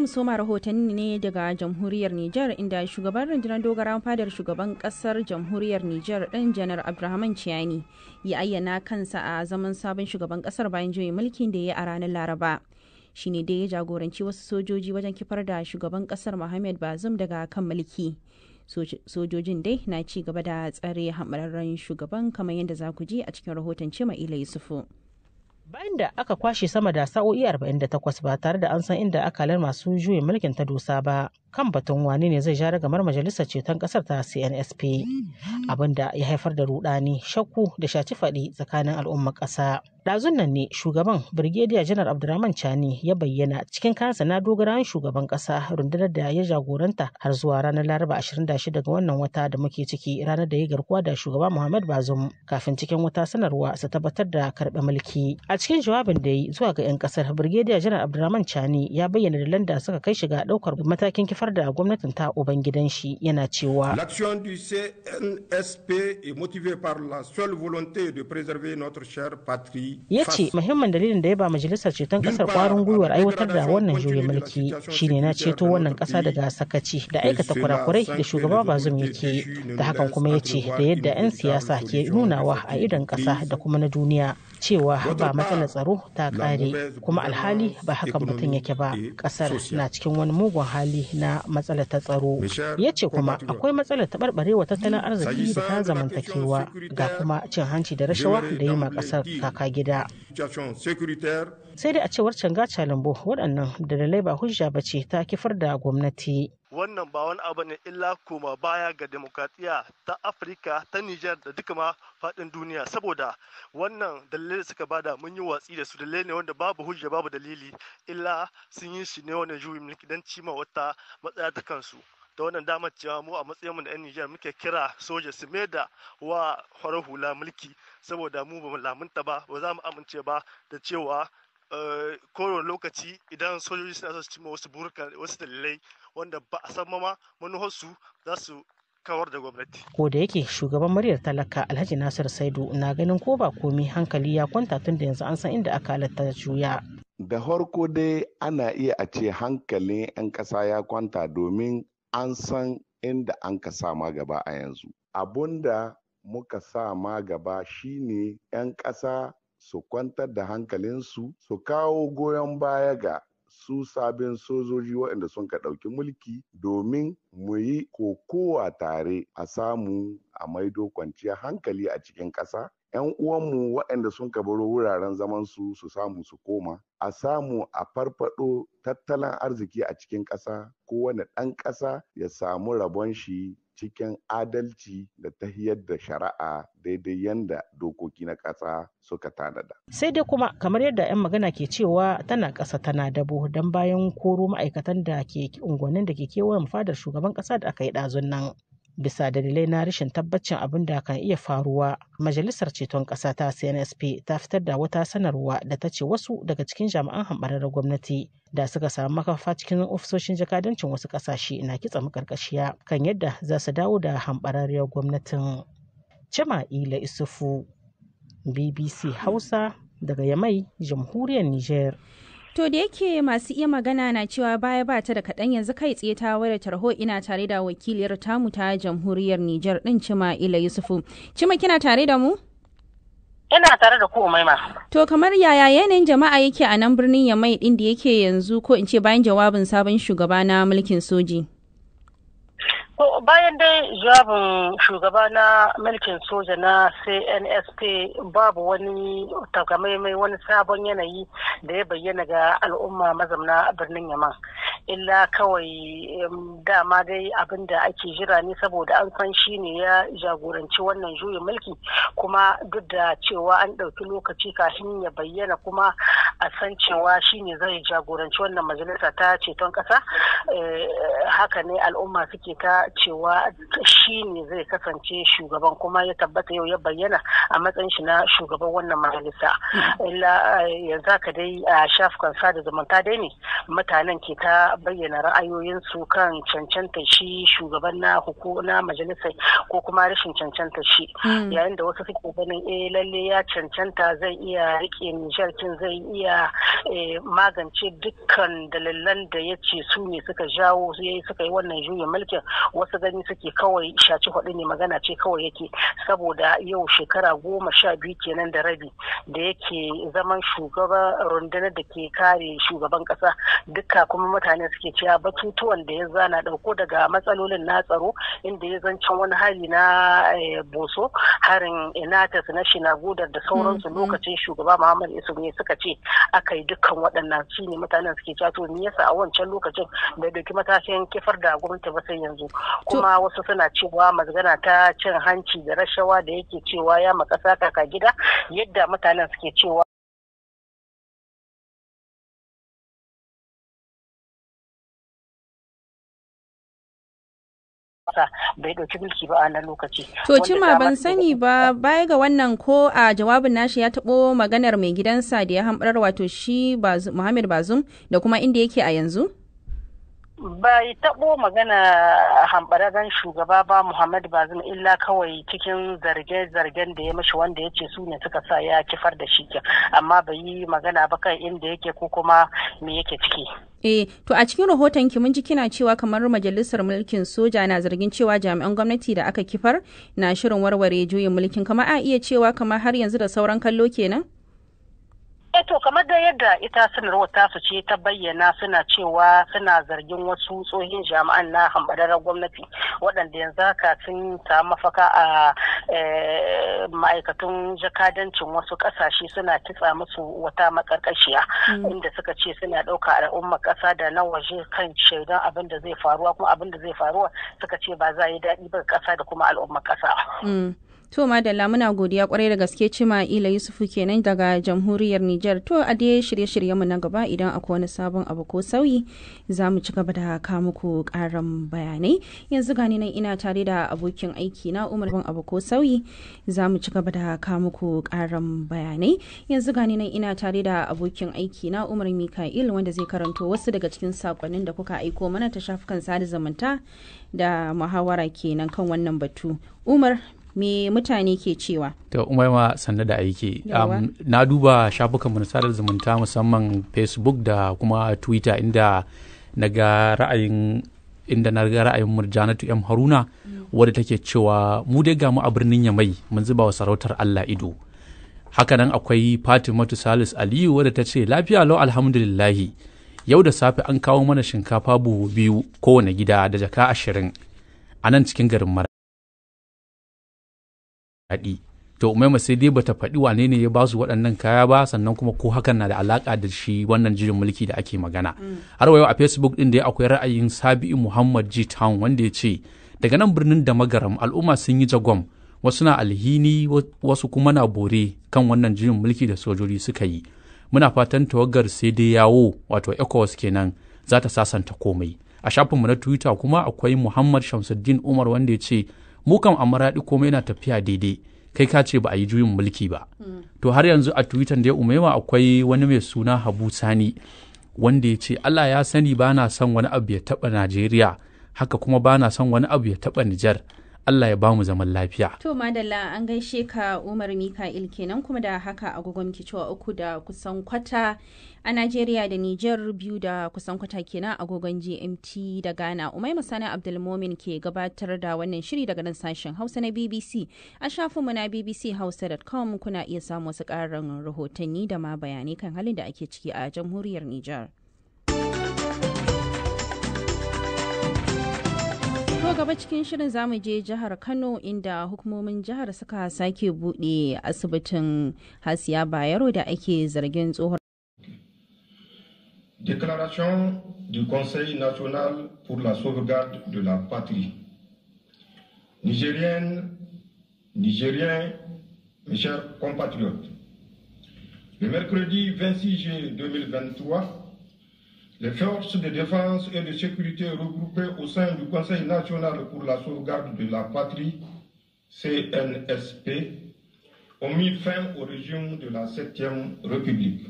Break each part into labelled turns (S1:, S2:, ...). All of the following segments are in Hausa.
S1: mu soma rahotanni ne daga jamhuriyar Nijar inda shugaban rundunar dogara fadar shugaban kasar jamhuriyar Nijar ɗan janar Abdulrahman Ciyani ya ayyana kansa a zaman sabon shugaban kasar bayan juyin mulkin da ya a ranar Laraba. Shi ne dai ya jagoranci wasu sojoji wajen kifar da shugaban kasar Muhammad bazum daga kan mulki. Sojojin dai na ci gaba da tsare hamararren shugaban kamar yadda za ku ji a cikin rahoton Cima Ila Yusufu.
S2: bayan da aka kwashe sama da sa'o'i 48 ba tare da an san inda akalar masu juyin mulkin ta dosa ba kan batun wane ne zai jara gamar majalisar ceton kasar ta cnsp abinda ya haifar da rudani shakku da shaci faɗi tsakanin al'ummar ƙasa. dazun nan ne shugaban Birgediya Janar Abdurrahman Chani ya bayyana cikin kansa na dogarawan shugaban kasa rundunar da ya jagoranta har zuwa ranar Laraba 26 ga wannan wata da muke ciki ranar da ya garkuwa da shugaba Muhammad Bazoum kafin cikin wata sanarwa su tabbatar da karbe mulki. A cikin jawabin da yi zuwa ga 'yan kasar Birgediya Janar Abdurrahman Chani ya bayyana dalilan da suka kai shiga ɗaukar matakin kifar da gwamnatin ta ubangidan shi yana cewa. L'action
S3: du CNSP est motivée par la seule volonté de préserver notre chère patrie ya ce
S2: muhimmin dalilin da ya ba majalisar ceton kasar kwarin gwiwar aiwatar da wannan juyin mulki shine na ceto wannan kasa daga sakaci da aikata kurakurai da shugaba bazum yake da hakan kuma ya ce da yadda 'yan siyasa ke nunawa a idon kasa da kuma na duniya cewa ba matsalar tsaro ta kare kuma alhali ba haka mutum yake ba e kasar na cikin wani mugun hali na matsalar ta tsaro ya ce kuma akwai matsalar taɓarɓarewa tattalin arziki da ta zamantakewa ga kuma cin hanci da rashawa da yi ma kasar kaka gida sai dai a cewar canga calambo waɗannan dalilai ba hujja ba ce ta kifar da gwamnati
S3: wannan ba wani abu ne illa koma baya ga demokratiya ta afirka ta niger da duka ma fadin duniya saboda wannan dalilai da suka bada mun yi watsi da su dalilai ne wanda babu hujja babu dalili illa sun yi shi ne wani juyin mulki don cima wata matsaya ta kansu da wannan damar cewa mu a matsayin mu na yan Nijar muke kira soja su da wa hula mulki saboda mu ba mu lamunta ba ba za mu amince ba da cewa Eh, kowane lokaci idan sojoji suna so su cimma wasu burka wasu dalilai wanda ba a san mama manuharsu za su kawar da gwamnati.
S2: Ko da yake shugaban muryar talaka Alhaji Nasir Saidu na ganin ko ba komi hankali ya kwanta tun da yanzu an san inda aka halatta juya.
S3: Da farko dai ana iya a ce hankalin 'yan ƙasa ya kwanta domin an san inda an ka sama gaba a yanzu. Abun da muka sa ma gaba shine 'yan ƙasa su kwantar da hankalinsu su kawo goyon baya ga su sabin sojoji waɗanda sun ka ɗauki mulki domin mu yi kokowa tare a samu a maido kwanciyar hankali a cikin ƙasa 'yan uwanmu waɗanda sun baro wuraren zamansu su samu su koma a samu a farfaɗo tattalin arziki a cikin ƙasa kowane ɗan ƙasa ya samu rabon shi cikin adalci da tahiyar da shari'a daidai yadda dokoki na ƙasa suka tanada.
S2: Sai dai kuma kamar yadda 'yan magana ke cewa tana ƙasa tana dabo don bayan koro ma'aikatan da ke unguwannin da ke kewayen fadar shugaban ƙasa da aka yi ɗazun nan. bisa dalilai na rashin tabbacin abin da kan iya faruwa majalisar ceton ƙasa ta cnsp ta fitar da wata sanarwa da ta ce wasu daga cikin jami'an hambararren gwamnati da suka samu makafa cikin ofisoshin jakadancin wasu ƙasashe na kitsa makarkashiya kan yadda za su dawo da hambararriyar gwamnatin jama'ila isufu bbc hausa daga yamai jamhuriyar niger
S1: To da yake masu iya magana na cewa baya ba ta da kaɗan yanzu kai tsaye ta wayar tarho ina tare da wakiliyar tamu ta jamhuriyar Nijar ɗin Cima Ila Yusufu. Cima kina tare da mu?
S2: Ina tare da ku Umaima.
S1: To kamar yaya yanayin jama'a yake a nan birnin Yamai ɗin da yake yanzu ko in ce bayan jawabin sabon shugaba na mulkin soji?
S4: To bayan dai jawabin shugaba na mulkin soja na CNSP babu wani takamaimai wani sabon yanayi da ya bayyana ga al'umma mazamna birnin Yaman. Illa kawai dama dai abin da ake jira ne saboda an san shi ne ya jagoranci wannan juyin mulki kuma duk da cewa an ɗauki lokaci kafin ya bayyana kuma a san cewa shi ne zai jagoranci wannan majalisa ta ceton ƙasa eh, haka ne al'umma suke ta cewa shi ne zai kasance shugaban kuma ya tabbata yau ya bayyana a matsayin shi na shugaban wannan majalisa mm-hmm. illa eh, yanzu haka dai a shafukan sada zumunta dai ne mutanen ke ta bayyana ra'ayoyin su kan cancanta shi shugaban na na majalisar ko kuma rashin cancanta shi mm. yayin da wasu suke ganin eh lalle ya cancanta zai iya rike nishar zai iya Eh, magance dukkan dalilan da ya ce su ne suka jawo suka yi wannan juyin mulkin wasu gani suke kawai shaci hudu ne magana ce kawai yake saboda yau shekara goma sha biyu kenan da rabi da yake zaman shugaban rundunar da ke kare shugaban kasa duka kuma mutane suke cewa batutuwan da ya zana dauko daga matsalolin na tsaro inda ya zancen wani hali na eh, boso harin inatas na shinagudar da sauransu mm, mm. lokacin shugaba muhammad isu ne suka ce aka yi dukkan waɗannan su ne mutanen suke cewa to me yasa a wancan lokacin bai dauki matashin kifar da gwamnati ba sai yanzu kuma wasu suna cewa magana ta cin hanci da rashawa da yake cewa ya makasa kaka gida yadda mutanen suke cewa sa bai ɗauki mulki ba a nan lokaci.
S2: To cima ban
S1: sani ba baya ga wannan ko a jawabin nashi ya taɓo maganar mai gidansa da ya hamɓarar wato shi Muhammad Bazum da kuma inda yake a yanzu?
S4: bai taɓo magana hambararren shugaba ba Muhammad Bazum illa kawai cikin zarge-zargen da ya mashi wanda ya ce su ne suka sa ya kifar da shi amma bai yi magana ba kan inda yake ko kuma me
S1: yake ciki. Eh, to a cikin rahoton ki mun ji kina cewa kamar majalisar mulkin soja na zargin cewa jami'an gwamnati da aka kifar na shirin warware juyin mulkin kamar a iya cewa kamar har yanzu da sauran kallo kenan?
S4: Eh to kamar da yadda ita sanarwar tasu ce ta bayyana suna cewa suna zargin wasu tsohin jami'an na hambararren gwamnati waɗanda yanzu haka sun ta mafaka a eh, ma'aikatun jakadancin wasu ƙasashe suna kitsa musu wata makarƙashiya mm. inda suka ce suna ɗauka al'ummar ƙasa da na waje kan shaidan abin da zai faruwa kuma abin da zai faruwa suka ce ba za a yi daɗi ba ƙasa da kuma al'ummar
S1: ƙasa. To madalla muna godiya kwarai da gaske cima ila Yusufu kenan daga jamhuriyar Nijar. To a dai shirye-shirye mu na gaba idan akwai wani sabon abu ko sauyi za mu ci gaba da ka muku karan bayanai. Yanzu gani nan ina tare da abokin aiki na Umar bin abu ko sauyi za mu ci gaba da ka muku karan bayanai. Yanzu gani nan ina tare da abokin aiki na Umar Mika'il wanda zai karanto wasu daga cikin sakonnin da kuka aiko mana ta shafukan sada zumunta da muhawara kenan kan wannan batu. Umar me mutane ke cewa
S5: to umaima sannu da aiki um, na duba shafukanmu na sadar zumunta musamman facebook da kuma twitter inda na ga ra'ayin inda na ga ra'ayin murjanatu m haruna mm. wadda take cewa mu dai ga mu a birnin yamai mun zuba wa sarautar allah ido hakanan akwai fatimatu salis aliyu wadda ta ce lafiya lau alhamdulillahi yau da safe an kawo mana shinkafa buhu biyu kowane gida da jaka ashirin a nan cikin garin mara daɗi to umaima sai dai bata faɗi wane ne ya basu waɗannan kaya ba sannan kuma ko hakan na da alaƙa da shi wannan jirin mulki da ake magana mm. har wayo a facebook ɗin da ya akwai ra'ayin sabi'u muhammad g town wanda ya ce daga nan birnin da magaram al'umma sun yi jagwam wasu na alhini wasu kuma na bore kan wannan jirin mulki da sojoji suka yi muna fatan tawagar sai dai yawo wato ecowas kenan za ta sasanta komai a shafinmu na twitter kuma akwai muhammad shamsuddin umar wanda ya ce mu kam a maraɗi komai yana tafiya daidai kai ka ce ba a yi juyin mulki ba to har yanzu a twitter da ya umewa akwai wani mai suna habu sani wanda ya ce allah ya sani ba na son wani abu ya taɓa najeriya haka kuma ba na son wani abu ya taɓa nijar Allah ya bamu zaman lafiya.
S1: To madalla an gaishe ka Umar Mika'il kenan kuma da haka agogon kicewa uku da kusan kwata a Najeriya da Nijar biyu da kusan kwata kenan agogon GMT da Ghana. Umai Musani Abdulmomin ke gabatar da wannan shiri daga nan sashen Hausa na BBC. A shafin mu na bbchausa.com kuna iya samu wasu ƙarin rahotanni da ma bayanai kan halin da ake ciki a jamhuriyar Nijar. To gaba cikin shirin zamu je jihar Kano inda hukumomin jihar suka sake buɗe asibitin Hasiya Bayero da ake zargin tsohon
S3: Déclaration du Conseil national pour la sauvegarde de la patrie. Nigérienne, Nigériens, mes chers compatriotes, le mercredi 26 juillet 2023, les forces de défense et de sécurité regroupées au sein du Conseil national pour la sauvegarde de la patrie, CNSP, ont mis fin au régime de la 7e République.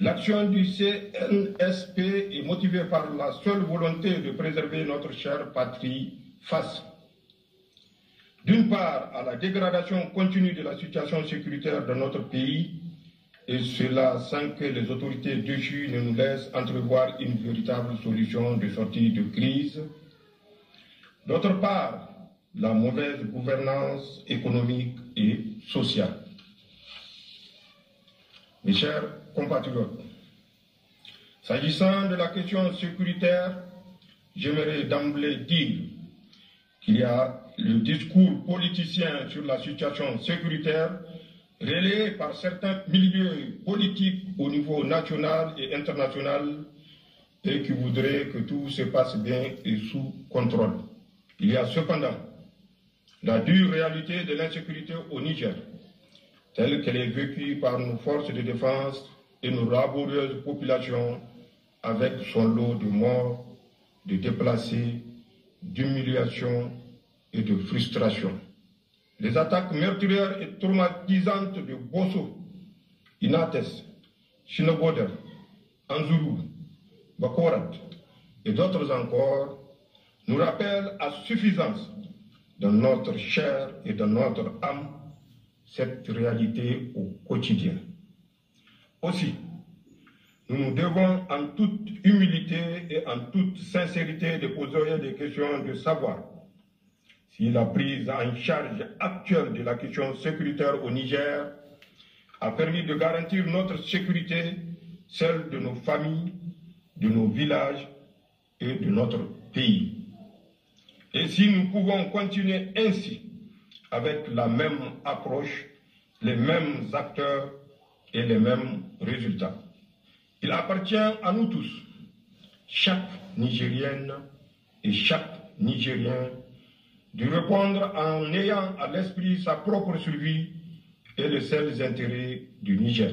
S3: L'action du CNSP est motivée par la seule volonté de préserver notre chère patrie face, d'une part, à la dégradation continue de la situation sécuritaire de notre pays, et cela sans que les autorités déchues ne nous laissent entrevoir une véritable solution de sortie de crise. D'autre part, la mauvaise gouvernance économique et sociale. Mes chers compatriotes, s'agissant de la question sécuritaire, j'aimerais d'emblée dire qu'il y a le discours politicien sur la situation sécuritaire relayé par certains milieux politiques au niveau national et international et qui voudrait que tout se passe bien et sous contrôle. Il y a cependant la dure réalité de l'insécurité au Niger telle qu'elle est vécue par nos forces de défense et nos laborieuses populations, avec son lot de morts, de déplacés, d'humiliation et de frustrations. Les attaques meurtrières et traumatisantes de Bosso, Inates, Shinoboder, Anzuru, Bakorat et d'autres encore nous rappellent à suffisance de notre chair et de notre âme cette réalité au quotidien. Aussi, nous nous devons en toute humilité et en toute sincérité de poser des questions de savoir si la prise en charge actuelle de la question sécuritaire au Niger a permis de garantir notre sécurité, celle de nos familles, de nos villages et de notre pays. Et si nous pouvons continuer ainsi, avec la même approche, les mêmes acteurs et les mêmes résultats. Il appartient à nous tous, chaque Nigérienne et chaque Nigérien, de répondre en ayant à l'esprit sa propre survie et les seuls intérêts du Niger.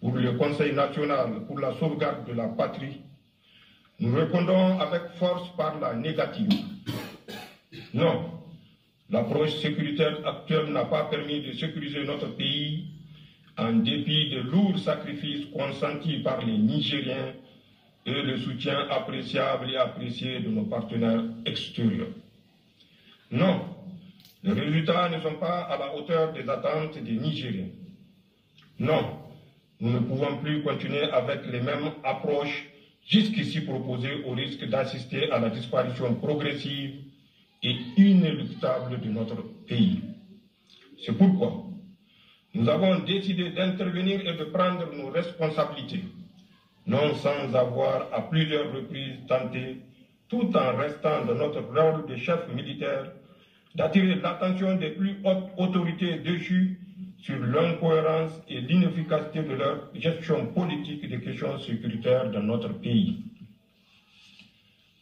S3: Pour le Conseil national pour la sauvegarde de la patrie, nous répondons avec force par la négative. Non, L'approche sécuritaire actuelle n'a pas permis de sécuriser notre pays en dépit des lourds sacrifices consentis par les Nigériens et le soutien appréciable et apprécié de nos partenaires extérieurs. Non, les résultats ne sont pas à la hauteur des attentes des Nigériens. Non, nous ne pouvons plus continuer avec les mêmes approches jusqu'ici proposées au risque d'assister à la disparition progressive et inéluctable de notre pays. C'est pourquoi nous avons décidé d'intervenir et de prendre nos responsabilités, non sans avoir à plusieurs reprises tenté, tout en restant dans notre rôle de chef militaire, d'attirer l'attention des plus hautes autorités déchues sur l'incohérence et l'inefficacité de leur gestion politique des questions sécuritaires dans notre pays.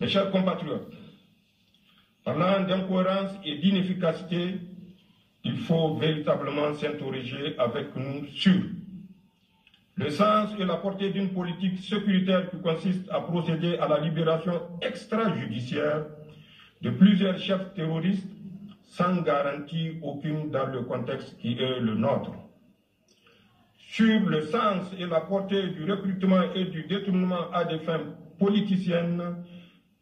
S3: Mes chers compatriotes, Parlant d'incohérence et d'inefficacité, il faut véritablement s'interroger avec nous sur le sens et la portée d'une politique sécuritaire qui consiste à procéder à la libération extrajudiciaire de plusieurs chefs terroristes sans garantie aucune dans le contexte qui est le nôtre. Sur le sens et la portée du recrutement et du détournement à des fins politiciennes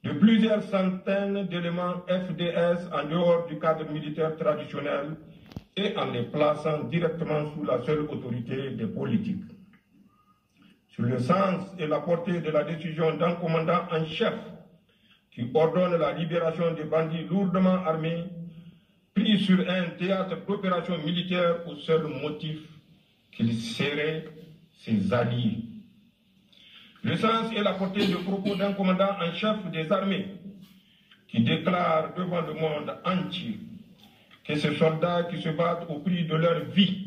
S3: de plusieurs centaines d'éléments FDS en dehors du cadre militaire traditionnel et en les plaçant directement sous la seule autorité des politiques. Sur le sens et la portée de la décision d'un commandant en chef qui ordonne la libération des bandits lourdement armés pris sur un théâtre d'opération militaire au seul motif qu'ils seraient ses alliés. Le sens est la portée de propos d'un commandant en chef des armées qui déclare devant le monde entier que ces soldats qui se battent au prix de leur vie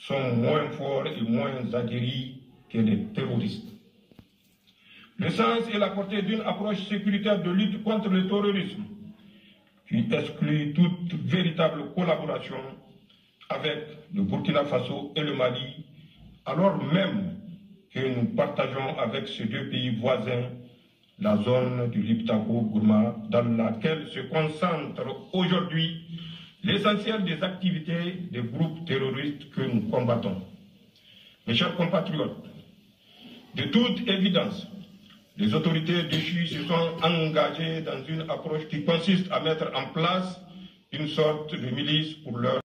S3: sont moins forts et moins aguerris que les terroristes. Le sens est la portée d'une approche sécuritaire de lutte contre le terrorisme qui exclut toute véritable collaboration avec le Burkina Faso et le Mali, alors même que nous partageons avec ces deux pays voisins, la zone du Liptako-Gourma, dans laquelle se concentre aujourd'hui l'essentiel des activités des groupes terroristes que nous combattons. Mes chers compatriotes, de toute évidence, les autorités de suisse se sont engagées dans une approche qui consiste à mettre en place une sorte de milice pour leur